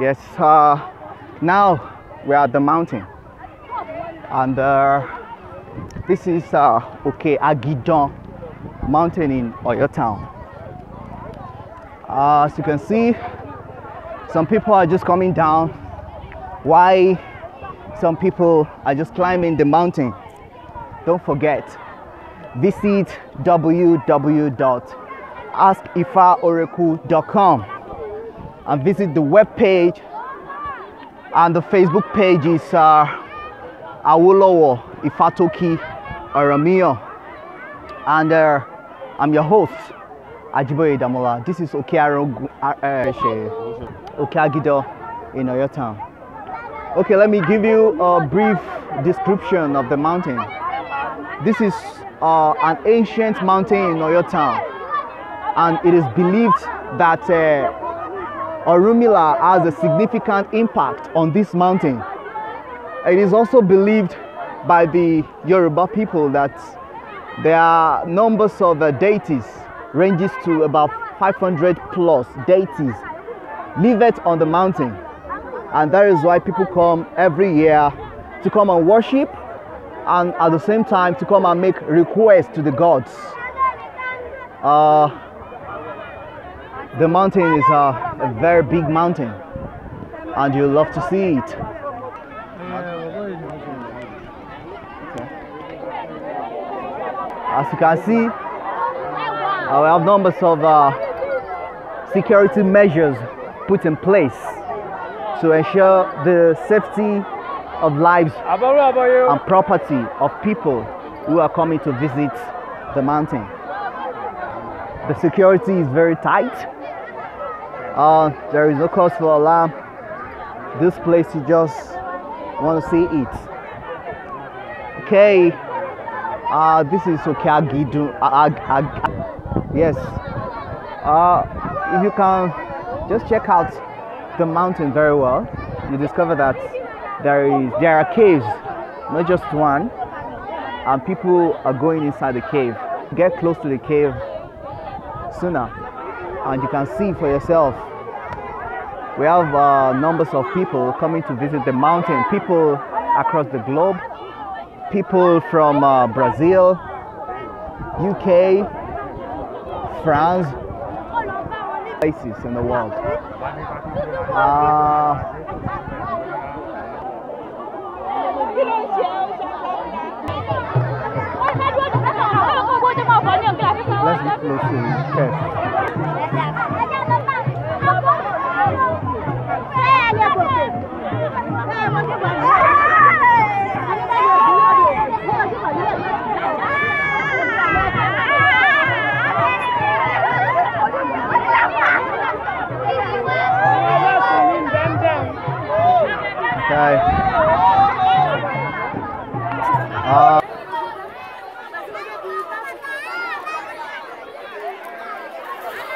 Yes, uh, now we are at the mountain. And uh, this is uh, okay, Agidon Mountain in Oyo Town. Uh, as you can see, some people are just coming down. Why some people are just climbing the mountain? Don't forget, visit www.askifaoracle.com and visit the web page and the Facebook pages are uh, Awolowo Ifatoki Aramio and uh, I'm your host Ajiboye Damola. This is Okiaro uh, uh Okiagido in Oyo Town. Okay, let me give you a brief description of the mountain. This is uh, an ancient mountain in Oyo Town and it is believed that uh, Orumila has a significant impact on this mountain. It is also believed by the Yoruba people that there are numbers of uh, deities, ranges to about 500 plus deities, live on the mountain. And that is why people come every year to come and worship and at the same time to come and make requests to the gods. Uh, the mountain is uh, a very big mountain and you love to see it. As you can see, uh, we have numbers of uh, security measures put in place to ensure the safety of lives and property of people who are coming to visit the mountain. The security is very tight uh, there is no cause for alarm. This place you just want to see it. Okay. Uh, this is okay uh, yes. Uh, if you can just check out the mountain very well, you discover that there is there are caves, not just one, and people are going inside the cave. Get close to the cave sooner and you can see for yourself we have uh, numbers of people coming to visit the mountain people across the globe people from uh, brazil uk france places in the world uh, influencing Okay.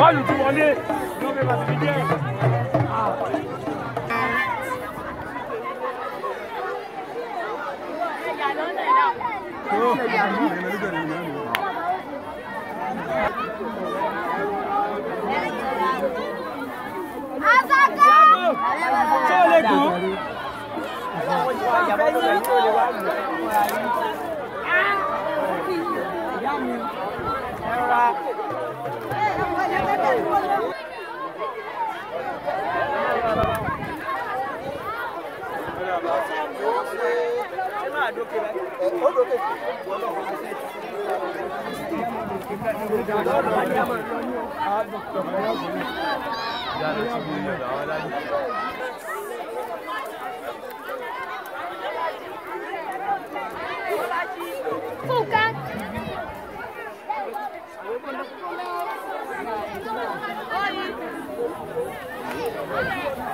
bọ́ọ̀lù tí wọlé ló fẹ́ bàtí mi jẹ́. Ṣé o lè dùn? Ah! Ẹ̀rọ. Yàrá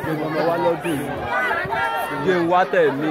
Ìgbìmọ̀ wa lọ́dún yìí, ìgbé ń tẹ̀ mí.